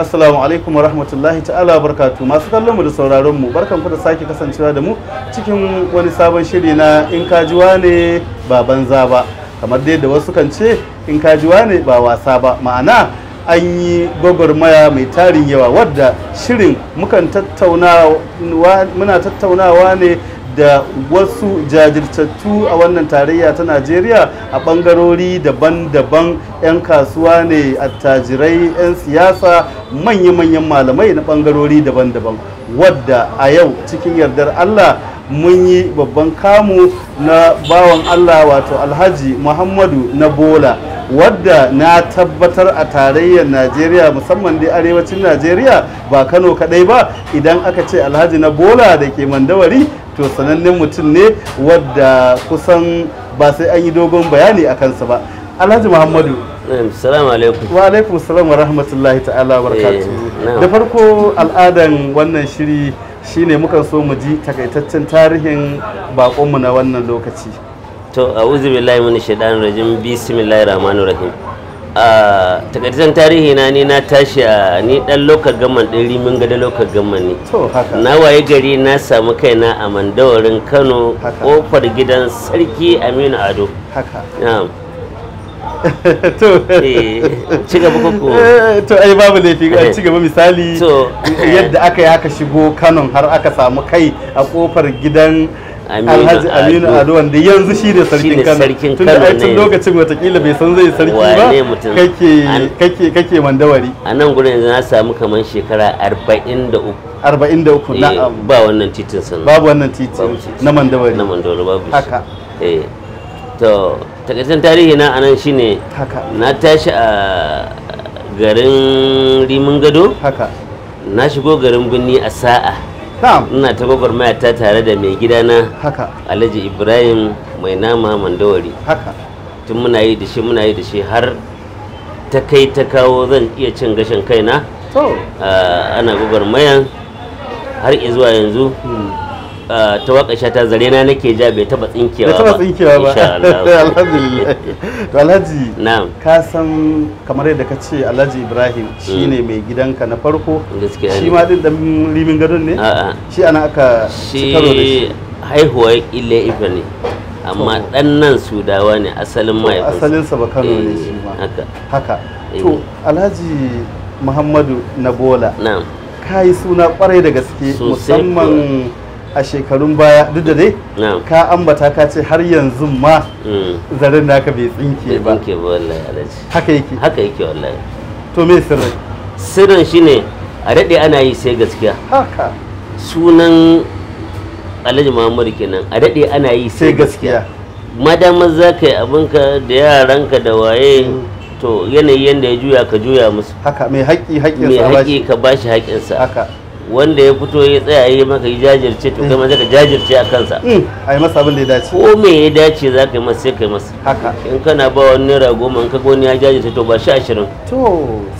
assalamu alaikum wa rahmatullahi ta'ala wa barkatu masu kallon mu da sauraron mu barkanku da sake kasancewa da mu cikin wani sabon shiri na in kajiwa ne ba banza ba kamar dai da wasu kan ce in kajiwa ne ba wasa ba ma'ana an yi gwagwarmaya mai tarin yawa wadda shirin mukan tattaunawa muna tattaunawa ne da wasu jajirtattu a wannan tarayya ta najeriya a bangarori daban-daban 'yan kasuwa ne attajirai 'yan siyasa manya-manyan malamai na bangarori daban-daban wadda a yau cikin yardar Allah mun yi babban kamu na bawan Allah wato alhaji Muhammadu na bola wadda na tabbatar a tarayyar najeriya musamman da arewacin najeriya ba kano kadai ba idan aka ce alhaji na bola da ke mandawari to sanannen mutum ne wadda kusan ba sai an yi dogon bayani a kansa ba alhaji muhammadu Assalamu alaikum. Wa alaikum salam wa rahmatullahi ta'ala wa eh, Da farko al'adan wannan shiri shine mukan so mu ji takaitaccen tarihin bakonmu na wannan lokaci. To a'udhu billahi minash shaitanir rajim. Bismillahir rahmanir rahim. a takaitaccen tarihi na ni na tashi a ni dan lokar gaman din rimin gada lokar gaman ne na waye gari na samu kaina a mandawarin kano kofar gidan sarki aminu ado to eh, ci gaba koko eh, to ai babu laifi ga eh. ci gaba misali yadda aka yaka shigo kanon har aka samu kai a kofar gidan alhaji aminu ado wanda yanzu shi ne sarkin kano tun da tun lokacin watakila bai san zai sarki ba kake mandawari a nan gudun yanzu na samu kamar shekara 43 uku na ba wannan titin sannan babu wannan titin na mandawari na mandawari babu haka to takaitaccen tarihi na anan shine haka na tashi a garin rimin gado haka na shigo garin birni a sa'a ina ta gwagwarmaya ta tare da mai gidana haka alhaji ibrahim mai nama mandawari haka tun muna yi da shi muna yi da shi har ta kai ta kawo zan iya cin gashin kai na ana mayan har izuwa yanzu hmm. Eh, tawakasha ta zare na nake ja bai taba tsinkewa ba taba tsinkewa ba alhamdulillah to alhaji na'am ka san kamar yadda ka ce alhaji ibrahim shine mm. mai gidanka na farko shi ma din dan limin gadon ne a'a shi ana aka shi karo da shi haihuwar ile ife ne amma dan nan sudawa ne asalin mai asalin sa ba kano ne eh, shi ma haka haka eh. to alhaji muhammadu nabola na'am kai suna kwarai da gaske musamman a shekarun baya duk da dai ka ambata ka ce har yanzu ma mm. zaren naka bai tsinke ba tsinke ba wallahi alaji haka yake haka yake wallahi to me sirrin sirrin shine a daɗe ana yi sai gaskiya haka sunan alhaji muhammadu kenan a daɗe ana yi sai gaskiya madama za ka yi abinka da yaranka da waye mm. to yanayi yanda ya juya ka juya musu haka mai haƙƙi haƙƙinsa mai haƙƙi ka bashi haƙƙinsa haka wanda ya fito ya tsaya yi maka yi jajirce to kai maza ka jajirce a kansa mm. Mm. a yi masa abin da ya dace ko me ya dace za ka yi masa sai ka yi masa haka in kana ba wani naira goma in ka goni ya jajirce to ba shi ashirin to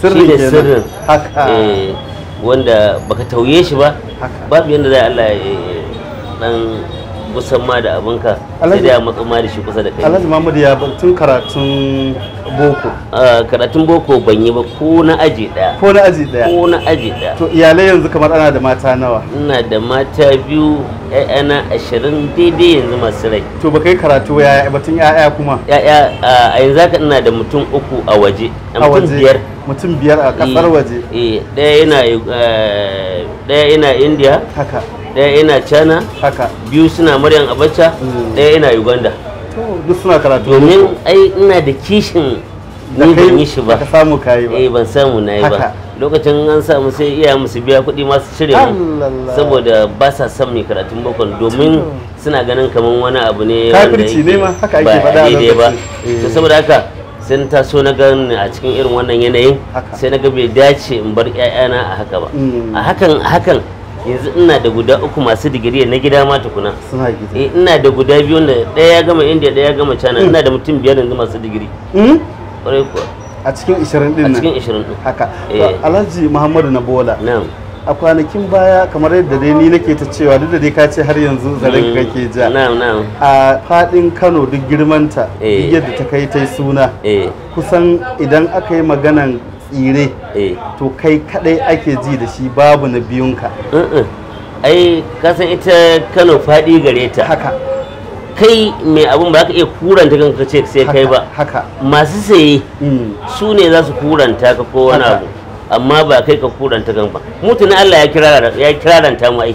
sirrin ne sirrin haka eh, wanda baka tauye shi ba babu yadda za Allah ya eh, dan musamman ma da abinka sai da ya ma da shi kusa da kai alhaji Muhammad ya tun karatun boko karatun boko ban yi ba ko na aji daya ko na aji daya ko na aji daya to iyalai yanzu kamar ana da mata nawa ina da mata biyu ƴaƴana ashirin daidai yanzu masu rai to ba kai karatu ya batun ƴaƴa kuma ƴaƴa a yanzu haka ina da mutum uku a waje a mutum biyar mutum biyar a kasar eh, waje eh daya yana daya eh, yana indiya haka Daya yana china haka biyu suna muryan abacha daya mm. yana uganda duk suna karatu domin ai ina da kishin ni ban yi shi ba ka samu ba eh ban samu na yi ba lokacin an samu sai iya musu biya kuɗi masu cire mu saboda ba sa son mai karatun bakon domin suna ganin kamar wani abu ne wanda yake ba daidai ba eh. saboda haka sun taso na gani a cikin irin wannan yanayin sai na ga bai dace in bar ƴaƴana a haka ba mm. a hakan a hakan yanzu ina da guda uku masu digiri na gida ma tukuna eh ina da guda biyu da ɗaya ya gama india ɗaya ya gama china hmm. ina da mutum biyar yanzu masu digiri hmm? kuwa a cikin 20 din a cikin din haka eh. alhaji muhammadu na bola a kwanakin baya kamar yadda dai ni nake ta cewa duk da dai ka ce har yanzu zaren ke ja hmm. a fadin kano duk girmanta eh. yadda ta kai ta suna eh. kusan idan aka yi maganan tsire eh. to kai kadai ake ji da shi babu na biyunka ai kasan ita kano faɗi gare ta haka kai mai abin ba ka iya kuranta kanka ce sai kai ba haka masu saye mm. su ne za su kuranta ka ko wani abu amma ba kai ka kuranta kan ba na Allah ya kiraranta ya kiraranta mu ai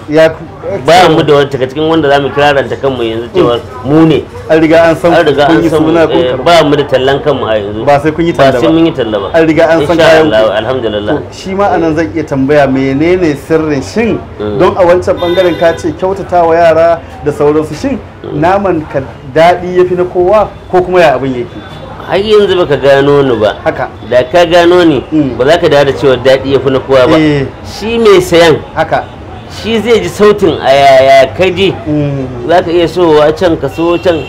ba mu da wata daga cikin wanda zamu kiraranta kanmu yanzu cewa mm. mu ne an riga an san riga an san eh, ba mu da tallan kanmu a yanzu ba sai kun yi talla ba sai mun yi talla ba an riga an san kayan Allah alhamdulillah shi ma anan zan iya tambaya menene sirrin shin mm. don a wancan bangaren ka ce kyautatawa yara da sauransu shin mm. naman ka daɗi yafi na kowa ko kuma ya abin yake har yanzu baka gano ni ba haka da ka gano ni hmm. ba za ka da cewa daɗi ya fi na kowa ba eh. shi mai sayan haka shi zai ji sautin a yaya kaji hmm. za ka iya sowa can ka so can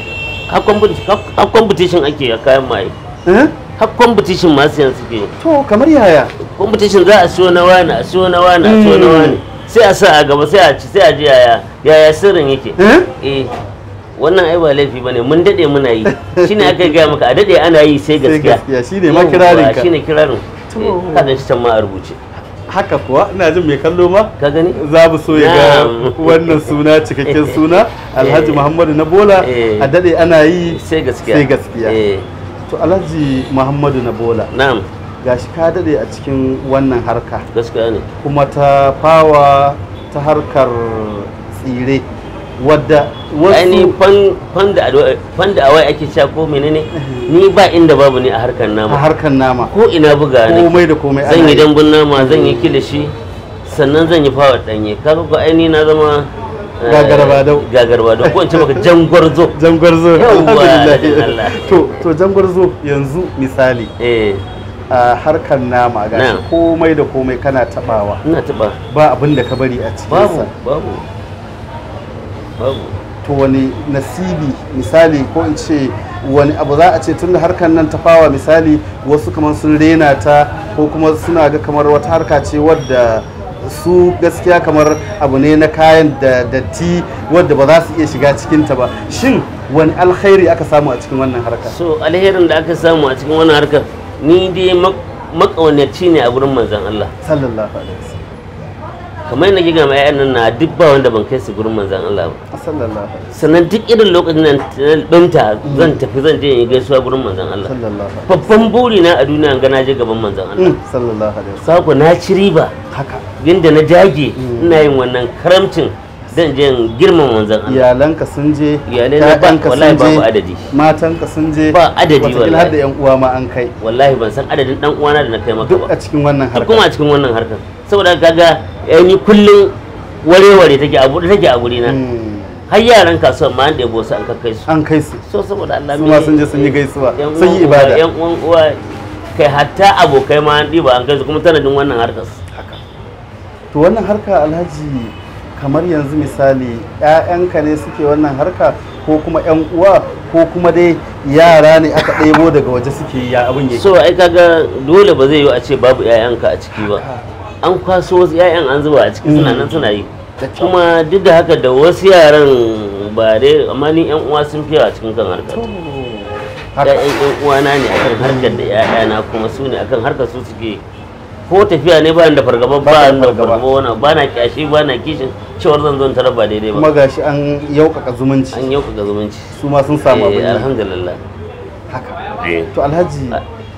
har competition ake a kayan maye eh? har competition masu yansu ke to kamar yaya competition za a so na wani a so na wani a so na hmm. wani sai a sa a gaba sai a ci sai a ji yaya yaya sirrin yake eh, eh. wannan ai ba laifi bane mun dade muna yi shine aka ga maka a dade ana yi sai gaskiya gaskiya shine ma kirarin ka shine kirarin eh, ka ga shi can ma a rubuce haka kuwa ina jin mai kallo ma ka gani za mu so ya ga wannan suna cikakken suna eh. Alhaji Muhammadu na Bola eh. a dade ana yi sai gaskiya sai gaskiya to Alhaji Muhammadu na Bola na'am gashi ka dade a cikin wannan harka gaskiya ne kuma ta fawa ta harkar tsire wadda wasu fan da awai ake cewa ko menene ni ba inda babu ne a harkar nama a harkar nama ko ina buga ne komai da komai zan yi dambun nama zan yi mm. kilishi sannan zan yi fawa danye kaga ko aini na zama gagarbado eh, gagarbado ko in ce maka jangwarzo jangwarzo alhamdulillah to to jangwarzo yanzu misali eh a harkar nama ga komai da komai kana tabawa ina taba ba abin da ka bari a cikin babu babu to wani nasibi misali ko in ce wani abu za a ce tun da harkar nan ta fawa misali wasu kamar sun rena ta ko kuma suna ga kamar wata harka ce wadda su gaskiya kamar abu ne na kayan da datti wadda ba za su iya shiga cikinta ba shin wani alkhairi aka samu a cikin wannan harkar so alherin da aka samu a cikin wannan harkar ni dai maƙaunaci ne a wurin manzan Allah sallallahu alaihi wasallam kamar yadda gina mai nan na duk ba wanda ban kai su gurin manzan Allah ba sannan duk irin lokacin nan ɗanta zan tafi zan je in yi gaisuwa gurin manzan Allah babban buri na a duniya ga na je gaban manzan Allah mm, sako na ci riba yadda na jage mm. ina yin wannan karamcin zan je girman manzan Allah iyalanka sun je iyalanka wallahi babu adadi matanka sun je ba adadi wallahi har da yan uwa ma an kai wallahi ban san adadin dan uwana da na kai maka ba duk a cikin wannan harkar kuma a cikin wannan harkar saboda kaga ni kullum ware take abu da take a guri na hmm. har yaran kasuwan ma an ɗebo su an kai su an kai su so saboda Allah su ma sun je sun yi gaisuwa sun yi ibada yan uwan uwa kai hatta abokai ma an diba an kai su kuma tana din wannan harkar haka to wannan harka Alhaji kamar yanzu misali ƴaƴanka ne suke wannan harka ko kuma ƴan uwa ko kuma dai yara ne aka ɗebo daga waje suke ya abin yake so ai kaga dole ba zai yi a ce babu ƴaƴanka a ciki ba an kwaso wasu 'ya'yan an zuba a ciki suna nan suna yi kuma duk da haka da wasu yaran ba dai amma ni yan uwa sun fiye a cikin kan harkar ya'yan yan uwana ne akan harkar da ya'yana kuma su ne akan harkar su suke ko tafiya ne ba da fargaba ba da fargaba wani ba na kyashi ba na kishin cewar zan zon tarar ba daidai ba kuma gashi an yaukaka zumunci an yaukaka zumunci su ma sun samu abin eh, alhamdulillah haka eh. to alhaji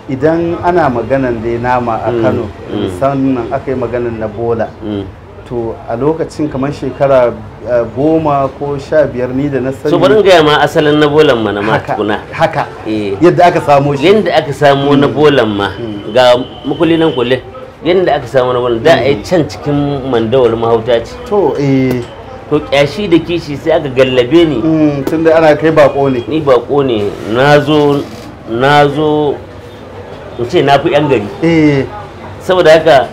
idan ana maganan dai nama a mm, kano mm. sannan aka yi maganan na bola mm. to a lokacin kamar shekara eh, goma ko sha biyar ni da na sani so barin gaya ma asalin na bolan ma na matukuna. tukuna haka eh. yadda aka samo shi yadda aka samo na bolan ma ga makulli nan kulle yadda aka samo na bolan da a yi can cikin mandawar mahauta ce to eh to kyashi da kishi sai aka gallabe ni tunda ana kai bako ne ni bako ne na zo na zo ya ce na fi 'yan gari eh. saboda haka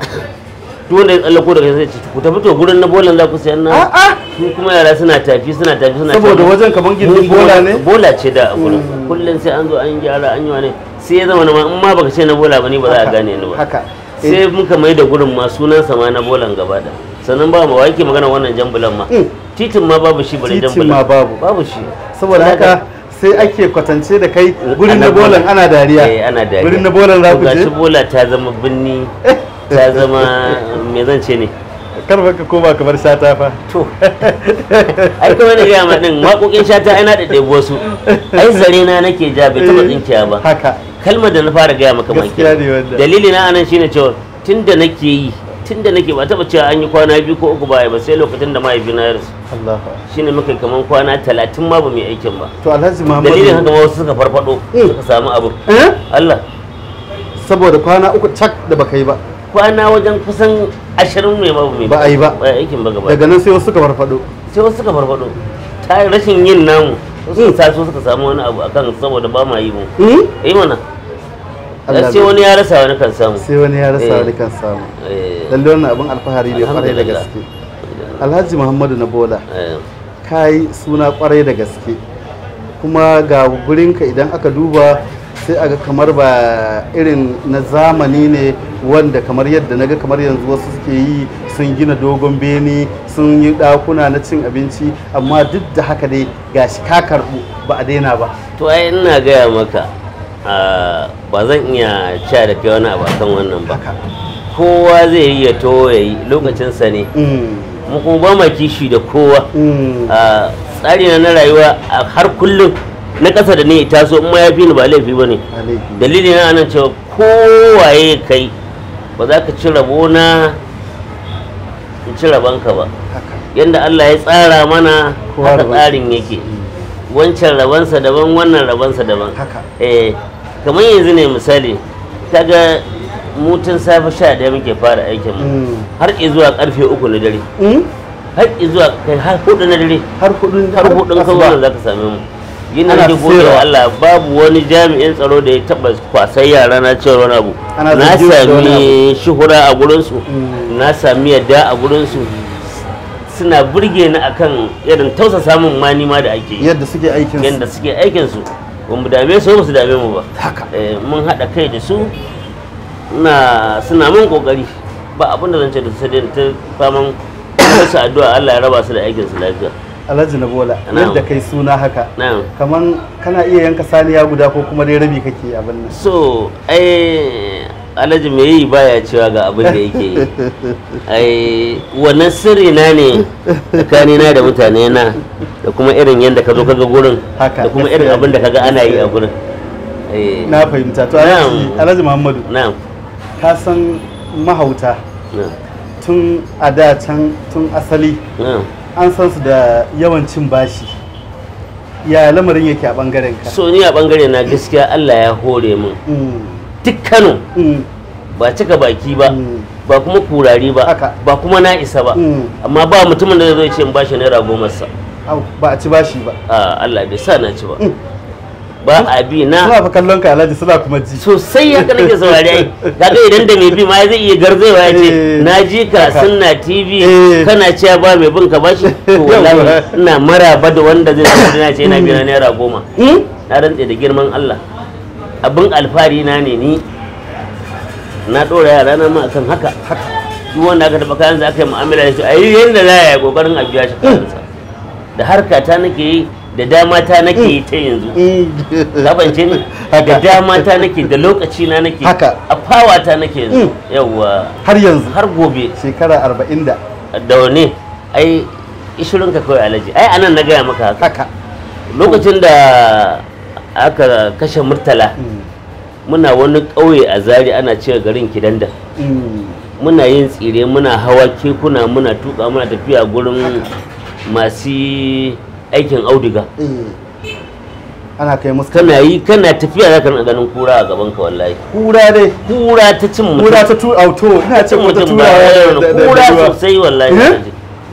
duk wanda ya tsallako daga zai ci ku tafi to gurin na bolan za ku sayan na su kuma yara suna tafi suna tafi suna tafi saboda wajen kaman gindin bola ne bola ce da gurin hmm. kullum sai an zo an gyara an yi wani sai ya zama na in ma baka ce na bola ba ne ba za a gane ni ba sai eh. muka mai da gurin ma sunan sama na bolan gaba da sannan ba ma yake magana wannan jambulan ma hmm. titin ma babu shi bare jambulan babu shi saboda haka sai ake kwatance da kai gurin na bolan ana dariya eh, ana dariya gurin na bolan za ku je gashi bola ta zama binni ta zama me zan ce ne kar ka koma kamar shata fa to ai kuma ne ga ma din waƙoƙin shata ai da debo wasu ai zare na nake ja bai taba eh, tsinkiya ba haka kalmar da na fara gaya maka maki dalili na anan shine cewa tunda nake yi tun da nake ba taba cewa an yi kwana biyu ko uku baya ba sai lokacin da mahaifina ya rasu ne muka kaman kwana talatin ma ba mai aikin ba to alhaji muhammadu dalilin haka ba wasu suka farfado eh. suka samu abu eh? Allah saboda kwana uku cak da baka yi ba kwana wajen kusan ashirin ne ba mai ba a yi ba ba aikin ba gaba daga nan sai wasu suka farfado sai wasu suka farfado ta rashin yin namu sun hmm. taso suka samu wani abu akan saboda ba ma yi mu eh mana sai wani ya rasa wani kan samu sai wani ya rasa eh. wani kan samu eh. lalle wannan alfahari ne kwarai da gaske alhaji muhammadu na bola eh. kai suna kwarai da gaske kuma ga gurinka idan aka duba sai aga kamar ba irin na zamani ne wanda kamar yadda naga kamar yanzu wasu suke yi sun gina dogon beni sun yi dakuna na cin abinci amma duk da haka dai gashi ka karbu ba a daina ba to ai ina gaya maka ba zan iya cewa da kai wani abu kan wannan ba kowa zai yi to ya yi lokacinsa ne mm. mu kuma ba ma kishi da kowa mm. tsari na rayuwa har kullum na ƙasa da ne taso in ma ya fi ni ba laifi ba ne dalili na anan cewa kowaye kai ba za ka ci rabo na in ci rabonka ba yadda Allah ya tsara mana haka tsarin yake mm. wancan rabansa daban wannan rabansa daban eh kamar yanzu ne misali kaga mutun safe sha da muke fara aikin mu mm. har zuwa karfe uku na dare mm? har zuwa kai har hudu na dare har hudu har hudu ka wannan zaka same mu yin da gode wa Allah babu wani jami'in tsaro da ya taba kwasai yara na cewa wani abu na sami shuhura a gurinsu mm. na sami yadda a gurinsu suna burge ni akan irin tausa samun mani ma da ake yadda suke aikin su yadda suke aikin su ba mu dame su ba su dame mu ba haka eh, mun hada kai da su na suna mun kokari ba abin da zance da su sai ta faman su addu'a Allah ya raba su da aikin su lafiya Alhaji na bola yadda kai suna haka kaman kana iya yanka saniya guda ko kuma dai rabi kake abin nan so eh alhaji me yi baya cewa ga abin da yake yi ai wannan sirri na ne tsakanina da mutane na da kuma irin yadda ka zo kaga gurin da kuma irin abin da kaga ana yi a gurin na fahimta to alhaji muhammadu ka san mahauta tun a da can tun asali an san su da yawan cin bashi ya lamarin yake a bangaren ka so ni a bangaren na gaskiya Allah ya hore min mm. duk kano mm. ba cika baki ba mm. ba kuma kurare ba ba kuma na isa ba mm. amma ba mutumin da zai ce in bashi naira goma sa ba a ci bashi ba a Allah bai sa na ci ba ba a bi na suna fa kallon ka alhaji suna kuma ji sosai ya kana ke saurari ai kaga idan da mai bi ma zai iya garzewa ya ce eh, na ji ka sunna tv eh. kana cewa ba mai bin ka bashi to wallahi ina maraba da wanda zai ce na ce na bi na naira goma hmm? na rantse da girman Allah abin alfari na ne ni na ɗora yara na ma akan haka duk wanda aka taɓa kayan aka yi mu'amala da su a yi yadda za a yi ƙoƙarin a biya shi kansa da harka ta nake yi da dama ta nake yi ta yanzu labance ni da dama ta nake da lokaci na nake a fawa ta nake yanzu mm. yawwa har yanzu har gobe shekara arba'in da da wane ai ishirin ka kawai alaji ai anan na gaya maka haka lokacin da aka kashe murtala mm. muna wani ƙauye a zari ana cewa garin kidanda mm. muna yin tsire muna hawa kekuna muna tuka muna tafiya gurin masu aikin auduga mm. ana kai musu kana yi kana tafiya zaka na ganin kura a gaban ka wallahi kura dai kura ta cin mutum kura ta tu auto ina cin mutum ba kura sosai wallahi eh?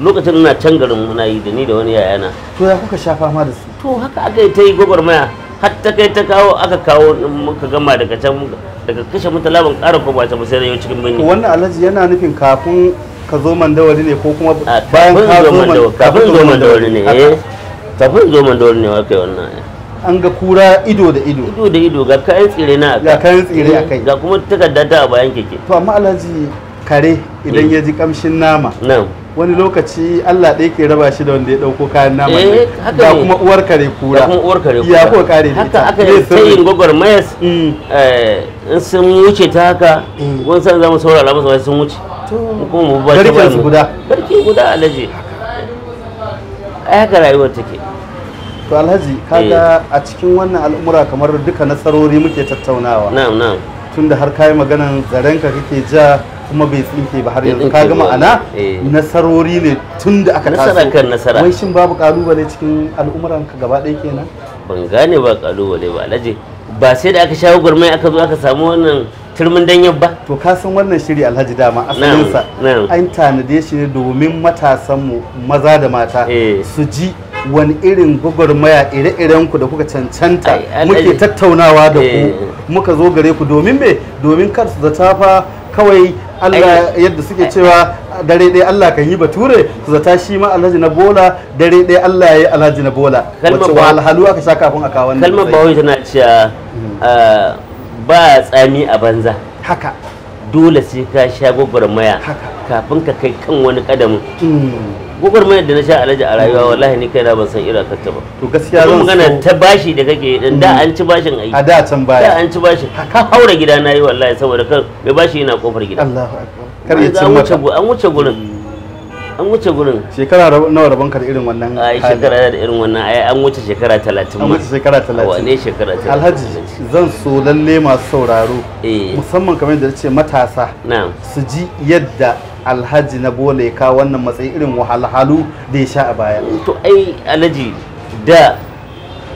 lokacin ina can garin muna yi da ni da wani yayana to ya kuka sha fama da su to haka aka yi ta yi gwagwarmaya har ta kai ta kawo aka kawo muka gama daga can daga kashe mutala ban ƙara ko ba ta ba sai yau cikin birni wannan alhaji yana nufin kafin ka zo mandawari ne ko kuma bayan ka zo mandawari kafin eh. zo mandawari ne kafin zo mandawari ne wakai wannan eh. an ga kura ido da ido ido da ido ga kayan tsire na ga kayan tsire akai ga kuma takarda ta a bayan keke to amma alhaji kare idan mm. ya ji kamshin nama na'am wani lokaci Allah ɗaya ke raba shi da wanda ya ɗauko kayan nama eh, ne da kuma uwar kare kura da kuma uwar kare kura ya ko kare da haka aka yi sayin gwagwarmayas mm. eh, in sun wuce ta haka mm. wani san zama saura labar wasu sun wuce kuma mu ba ta bani guda barki guda alhaji ai haka rayuwar take to alhaji kaga eh. a cikin wannan al'umura kamar duka nasarori muke tattaunawa na'am na'am tunda har kai maganan zaren ka kake ja kuma bai tsinke ba har yanzu kaga ma'ana eh. nasarori ne tun da aka taso nasara kan nasara wai shin babu kalubale cikin al'umuran ka gaba ɗaya kenan ban gane ba kalubale ba alaje ba sai da aka shawo gurmai aka zo aka samu wannan turmin danyen ba to ka san wannan shiri alhaji dama asalinsa an tanade shi ne domin matasanmu maza da mata eh. su ji wani irin gwagwarmaya ire-iren ku da kuka cancanta muke tattaunawa da ku eh. muka zo gare ku domin me domin kar su zata fa kawai Allah yadda suke cewa dare ɗaya Allah kan yi bature su zata shi ma alhaji na bola dare ɗaya Allah ya yi alhaji na bola wacce wahalhalu aka sha kafin a kawo wannan kalmar wani tana cewa mm. ah, ba tsami a banza haka dole sai ka sha gwagwarmaya kafin ka kai kan wani kadamin mm. mai da na sha alaji a rayuwa wallahi ni na ban san irin kanta ba to gaskiya zan magana ta bashi da kake dan da an ci bashin ai a da can baya da an ci bashin ka haura gida nayi wallahi saboda kan mai bashi yana kofar gida Allahu akbar kar ya ci mata an wuce gurin an wuce gurin shekara nawa rabon ka da irin wannan ai shekara da irin wannan ai an wuce shekara 30 an wuce shekara 30 wane shekara 30 alhaji zan so lalle masu sauraro eh. musamman kamar da ce matasa su ji yadda alhaji na bole ka wannan matsayi irin wahalhalu da ya sha a baya to ai alaji da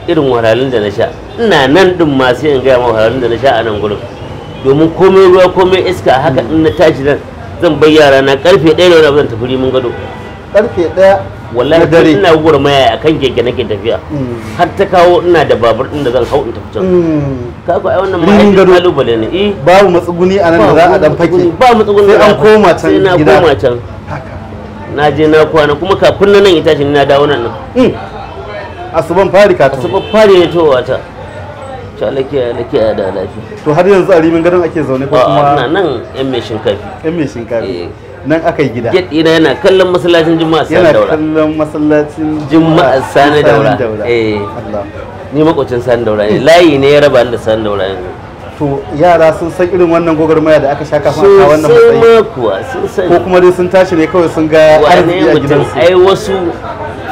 irin wahalhalun da na sha ina nan din ma sai in gaya wahalhalun da na sha a nan gurin domin komai ruwa komai iska haka in na tashi nan zan bai yara na karfe ɗaya da wani zan tafi mun gado karfe ɗaya wallahi dare ina gurmaya akan keke nake tafiya mm. har ta kawo ina da babur din da zan hau in tafi can mm. ka ga ai wannan mai kalubale ne eh babu matsuguni a nan da za a dan fake ba matsuguni sai an koma can gida sai na koma can na je na kwana kuma kafin nan ita shi na dawo nan mm. asuban fari ka ta asuban fari ya towa ta ta lafiya lafiya da lafiya to har yanzu a rimin gadon ake zaune ko kuma nan yan mai shinkafi yan mai shinkafi eh. nan aka yi gida gate ɗina yana kallon masallacin juma'a sani daura yana kallon masallacin juma'a sani daura eh ni makocin sani daura ne layi ne ya raba da sani daura yanzu to yara sun san irin wannan gwagwarmaya da aka sha kafin a wannan matsayi kuwa sun san ko kuma dai sun tashi ne kawai sun ga arziki a gidansu ai wasu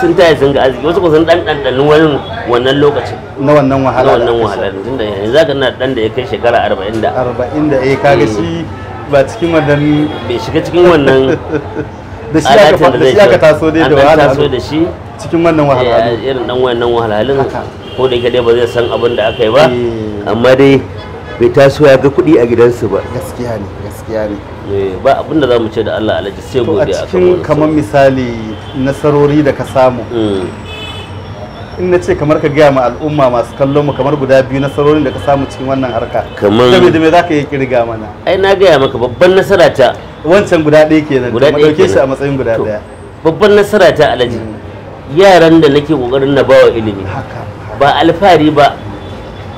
sun taya sun ga arziki wasu kusan dan dan wani wannan lokacin na wannan wahala na wannan wahala tunda yanzu zaka na dan da ya kai shekara arba'in da arba'in da eh kaga shi ba cikin wannan bai shiga cikin wannan da shi aka da taso dai da wahala taso da shi cikin wannan wahalhalin eh, eh, irin dan wannan wahalhalin ko da yake dai ba zai san abin da aka yi ba eh. amma dai bai taso ya ga kuɗi a gidansu ba gaskiya ne gaskiya ne ba abin da za mu ce da Allah alaji sai godiya a cikin kamar misali nasarori da ka samu mm. in na ce kamar ka gaya ma al'umma masu kallon mu kamar guda biyu nasarorin da ka samu cikin wannan harka kamar da me za ka yi kirga mana ai na gaya maka babban nasara ta wancan guda ɗaya kenan guda ɗaya ɗauke shi a matsayin guda ɗaya babban nasara ta alaji hmm. yaran da nake kokarin na bawa ilimi ba alfahari ba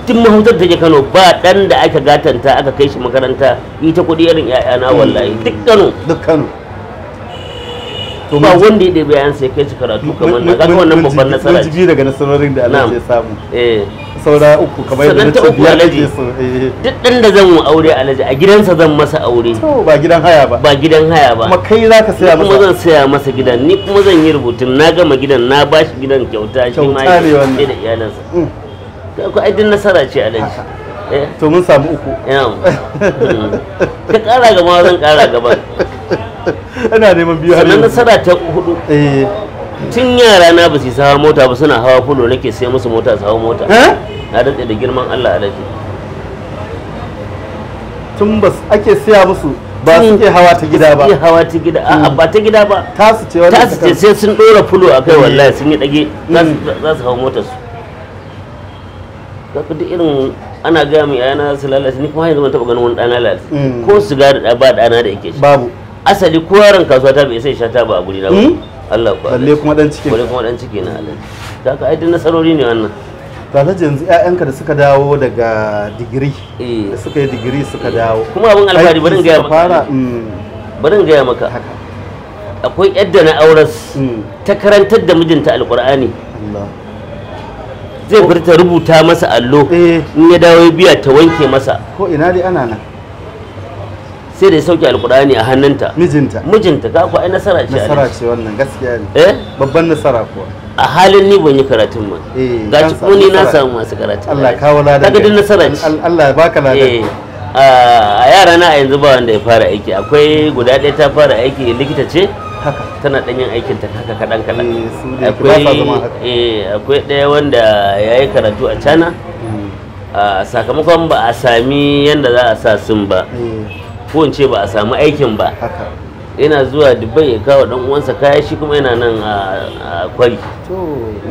tun mahautar take kano ba dan da aka gatanta aka kai shi makaranta ita kuɗi irin ya'yana wallahi hmm. duk kano duk kano ba wanda ya ɗebi yayan sai kai su karatu kamar na kaga wannan babban nasara ce daga nasarorin da Allah ya samu eh saura uku kamar yadda na ce biyar alaji eh. duk ɗan da zan mu aure alaji a gidansa zan masa aure ba gidan haya ba ba gidan haya ba kuma kai ka saya masa kuma zan saya masa gidan ni kuma zan yi rubutun na gama gidan na bashi gidan kyauta shi ma ya da iyalansa mm. ko ai din nasara ce alaji eh. to mun samu uku mm. ka ƙara gaba zan ƙara gaba ana neman biyu har yanzu nasara ta hudu eh. tun yara na ba su hawa mota ba suna hawa fulo nake sai musu mota su hawa mota eh? na dantse da girman Allah alaji tun ba ake siya musu ba su ke hawa ta gida ba hawa ta gida a ba ta gida ba su ce wani su ce sai sun dora fulo a kai eh. wallahi sun yi dage za su mm. hawa motar su kafin duk irin ana gaya mai yana su lalace ni kuma yanzu ban taba ganin wani dan lalace mm. ko sigari da ba dana da yake shi babu asali ko yaron kasuwa ta bai sai sha ta ba a guri na ba hmm? Allah ku balle kuma dan ciki balle kuma dan ciki na alaji ta ka aidin nasarori ne wannan to alhaji yanzu ƴaƴanka da suka dawo daga digiri eh. da suka yi digiri suka dawo kuma abin alfahari hmm. barin gaya maka barin gaya maka akwai yadda na auras hmm. ta karantar da mijinta alqur'ani zai furta rubuta masa allo eh. in ya dawo ya biya ta wanke masa ko ina dai ana nan sai da ya sauke alkur'ani a hannunta mijinta mijinta ga ku ai nasara ce nasara ce wannan gaskiya ne eh babban nasara kuwa a halin ni ban yi karatun ma eh, ga ko ni na samu masu karatu Allah ka wala da kaga nasara ce Allah baka ladan eh, a yara na a yanzu ba wanda ya fara aiki akwai guda ɗaya ta fara aiki likita ce haka tana dan yin aikin ta haka kadan kadan eh, akwai ɗaya wanda ya yi karatu a cana hmm. sakamakon ba a sami yadda za a sa sun ba ko in ce ba a samu aikin ba yana zuwa dubai ya kawo dan uwansa kaya shi kuma yana nan a kwari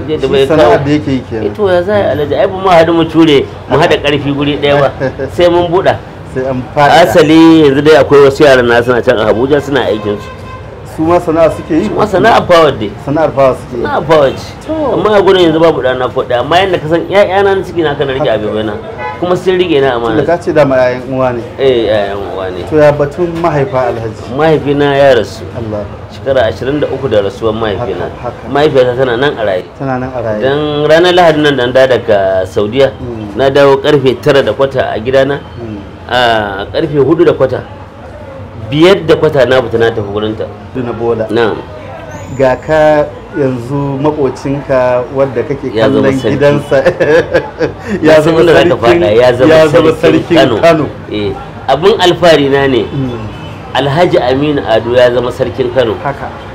je ya kawo da yake eh, to ya zai alaji ai ba mu hadu mu ture mu hada karfi guri daya ba sai mun buda asali yanzu dai akwai wasu yara na suna can a Abuja suna aikin su su ma sana'a suke yi ma sana'ar power dai sana'ar power suke sana'ar power ce amma a gurin yanzu babu dana ko ɗaya amma yadda ka san ƴaƴana suke na kana rike abin bana kuma sun rige na amana ka ce dama yayan uwa ne eh yayan uwa ne to ya batun mahaifa alhaji mahaifina ya rasu Allah shekara 23 da rasuwar mahaifina mahaifiyata tana nan a raye tana nan a raye dan ranar lahadi nan dan da daga saudiya mm. na dawo karfe 9 da kwata a gidana mm. a karfe 4 da kwata biyar da kwata na fita na tafi ta na bola na ga ka yanzu makocinka wadda kake kallon gidansa ya zama sarkin ya zama sarkin Kano eh, abin alfari na ne hmm. Alhaji Aminu Ado ya zama sarkin Kano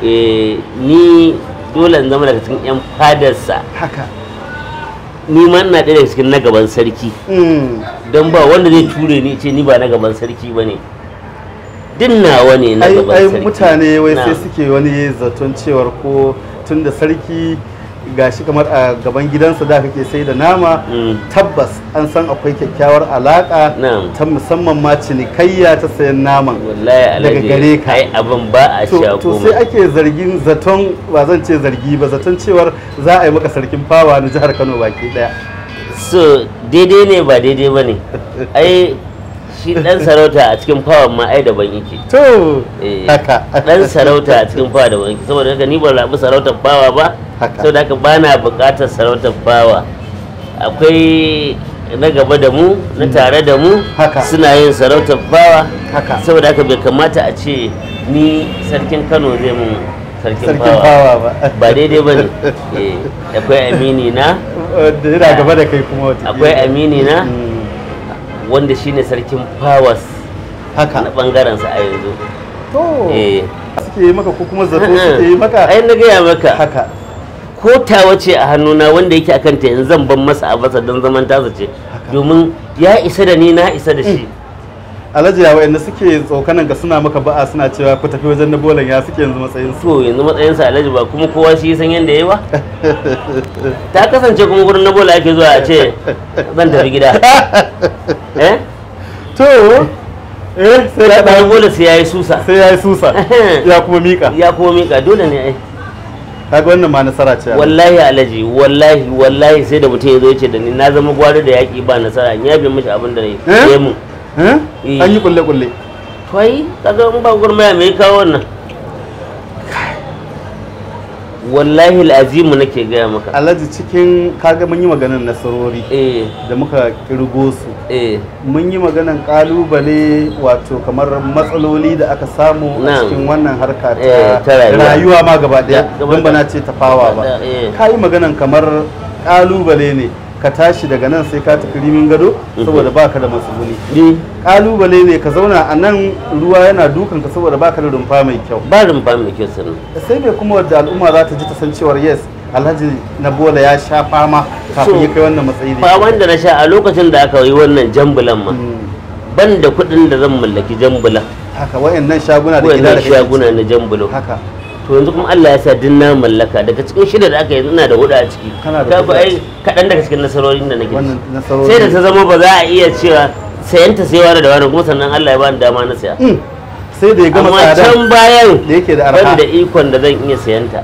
eh, ni dole in zama daga cikin yan fadarsa ni ma ina ɗaya daga cikin na gaban sarki hmm. don ba wanda zai ture ni ce ni ba na gaban sarki ba ne dinna ne na gaban sarki ai mutane wai sai suke wani zaton cewar ko tunda sarki gashi kamar a gaban gidansa da kake sai da nama mm. tabbas an san akwai kyakkyawar alaka ta musamman ma cinikayya ta sayan naman daga gare ka ai abin ba a sha to sai ake zargin zaton ba zan ce zargi ba zaton cewar za a yi maka sarkin fawa na jihar Kano baki daya so daidai ne ba daidai ba ne ai shi dan sarauta a cikin fawa ma ai daban yake to eh, haka dan sarauta a cikin fawa daban yake saboda haka ni ban rabu sarautar fawa ba saboda haka bana buƙatar sarautar fawa akwai na gaba da mu na mm. tare da mu suna yin sarautar bawa saboda haka bai kamata a ce ni sarkin kano zai mun sarkin bawa ba ba daidai ba ne eh, akwai amini na akwai amini na mm. wanda shine sarkin powers haka na bangaren sa a yanzu to eh suke yi maka ko kuma zato suke yi maka ai na gaya maka haka ko tawa ce a hannuna wanda yake akan ta yanzu zan ban masa a basa don zaman tasa ce domin ya isa da ni na isa da shi mm. alhaji ya wa'anda suke tsokanan ga suna maka ba'a suna cewa ku tafi wajen na bolan ya suke yanzu matsayin su yanzu matsayin sa alaji ba kuma kowa shi san yanda yayi ba ta kasance kuma gurin na bola ake zuwa a ce zan tafi gida eh to eh sai ka dan bola sai yayi susa sai yayi susa ya kuma mika ya kuma mika dole ne ai kaga wannan ma nasara ce wallahi alaji wallahi wallahi sai da mutum ya zo ya ce da ni na zama gwaro da yaki ba nasara in yabe mishi abin da ya mu eh? Eh? Eh. an yi kulle-kulle kwai kaga in ba gurmaya mai kawo wannan wallahi al'azimu nake gaya maka alhaji cikin kaga mun yi maganan nasarori eh. da muka kirgo su mun yi maganan kalubale wato kamar matsaloli da aka samu a cikin wannan harka ta rayuwa ma gaba daya don bana ce tafawa ba ka yi maganan kamar kalubale ne ka tashi daga nan sai ka tafi rimin gado saboda mhm. baka da matsuguni kalubale ne ka zauna a nan ruwa yana dukan ka saboda baka da rumfa mai kyau ba rumfa mai kyau sannan sai bai kuma wadda al'umma za ta ji ta san cewar yes alhaji na bola ya sha fama kafin ya kai wannan matsayi ne faman da na sha a lokacin da aka yi wannan jambulan ma hmm. ban da kuɗin da zan mallaki jambulan haka wayannan shaguna da gida da shaguna na jambulo haka to yanzu kuma Allah ya sa din na mallaka daga cikin shida da aka yi ina da hudu a ciki ka ai kaɗan daga cikin nasarorin da nake sai da ta zama ba za a iya cewa sayan ta sayawa da wani kuma sannan Allah ya bani dama na saya mm. sai da ya gama tsada amma can bayan da yake da arha da ikon da zan iya sayan ta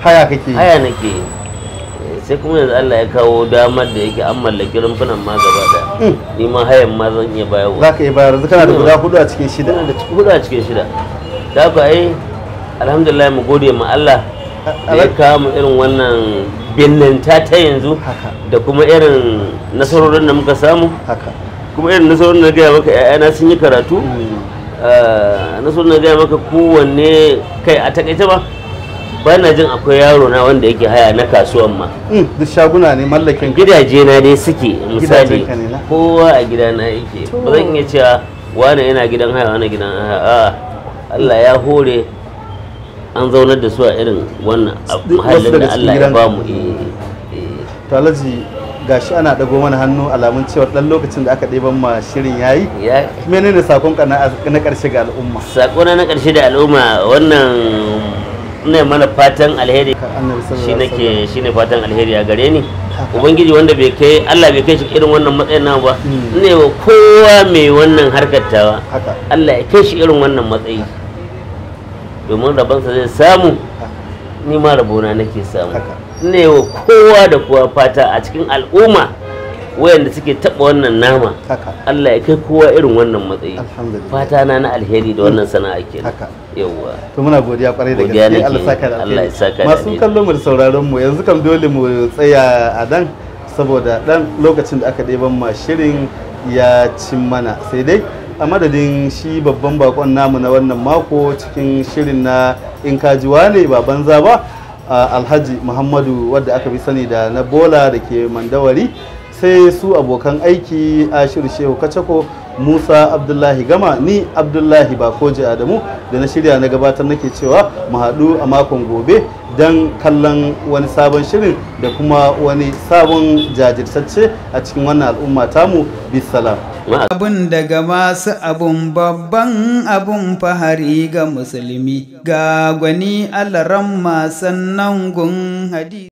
haya kake haya nake eh, sai kuma yanzu Allah ya kawo damar da yake an mallaki rumfunan ma gaba da mm. ni ma hayan ma zan iya bayarwa za ka iya bayar kana da guda hudu a cikin shida da hudu a cikin shida ta ba ai alhamdulillah mu gode ma Allah da ya kawo mu irin wannan binnanta ta yanzu da kuma irin nasarorin da muka samu kuma irin nasarorin da gaya maka ‘ya'yana sun yi karatu mm. ah, nasarorin da gaya maka kowanne kai a takaice ba ba na jin akwai yaro na wanda yake haya na kasuwan ma mm, duk shaguna ne mallakin gidaje na dai suke misali kowa a gida na yake ba zan iya cewa wane yana gidan haya wane gidan haya Allah ya hore an zaunar da su a irin wannan muhallin da Allah ya ba mu eh, eh. talaji gashi ana dago mana hannu alamun cewa dan lokacin da aka ɗeban ma shirin yayi menene sakon ka na karshe ga al'umma sakona na karshe da al'umma wannan ne mana fatan alheri shi nake shi ne fatan alheri a gare ni ubangiji wanda bai kai Allah bai kai shi irin wannan matsayin nan ba hmm. ne wa kowa mai wannan harkar tawa Allah ya kai shi irin wannan matsayi domin rabansa zai samu ni ma rabona nake samu ne wa kowa da kowa fata a cikin al'umma wayanda suke taɓa wannan nama Allah ya kai kowa irin wannan matsayi fata na na alheri da wannan sana'a ke yawwa to muna godiya kwarai da gaske Allah saka da Allah ya saka da masu kallon mu da sauraron mu yanzu kam dole mu tsaya a dan saboda dan lokacin da aka ɗeban ma shirin ya cin mana sai dai a madadin shi babban bakon namu na wannan mako cikin shirin na in kajiwa ne ba banza ba alhaji muhammadu wadda aka fi sani da na bola da ke mandawari sai su abokan aiki ashiru shehu kacako musa abdullahi gama ni abdullahi bakoji adamu da na shirya na gabatar nake cewa mu haɗu a makon gobe don kallon wani sabon shirin da kuma wani sabon jajirtacce a cikin wannan al'umma tamu bisalam abin daga masu abun babban abun fahari ga musulmi ga gwani alaramma sannan gun hadi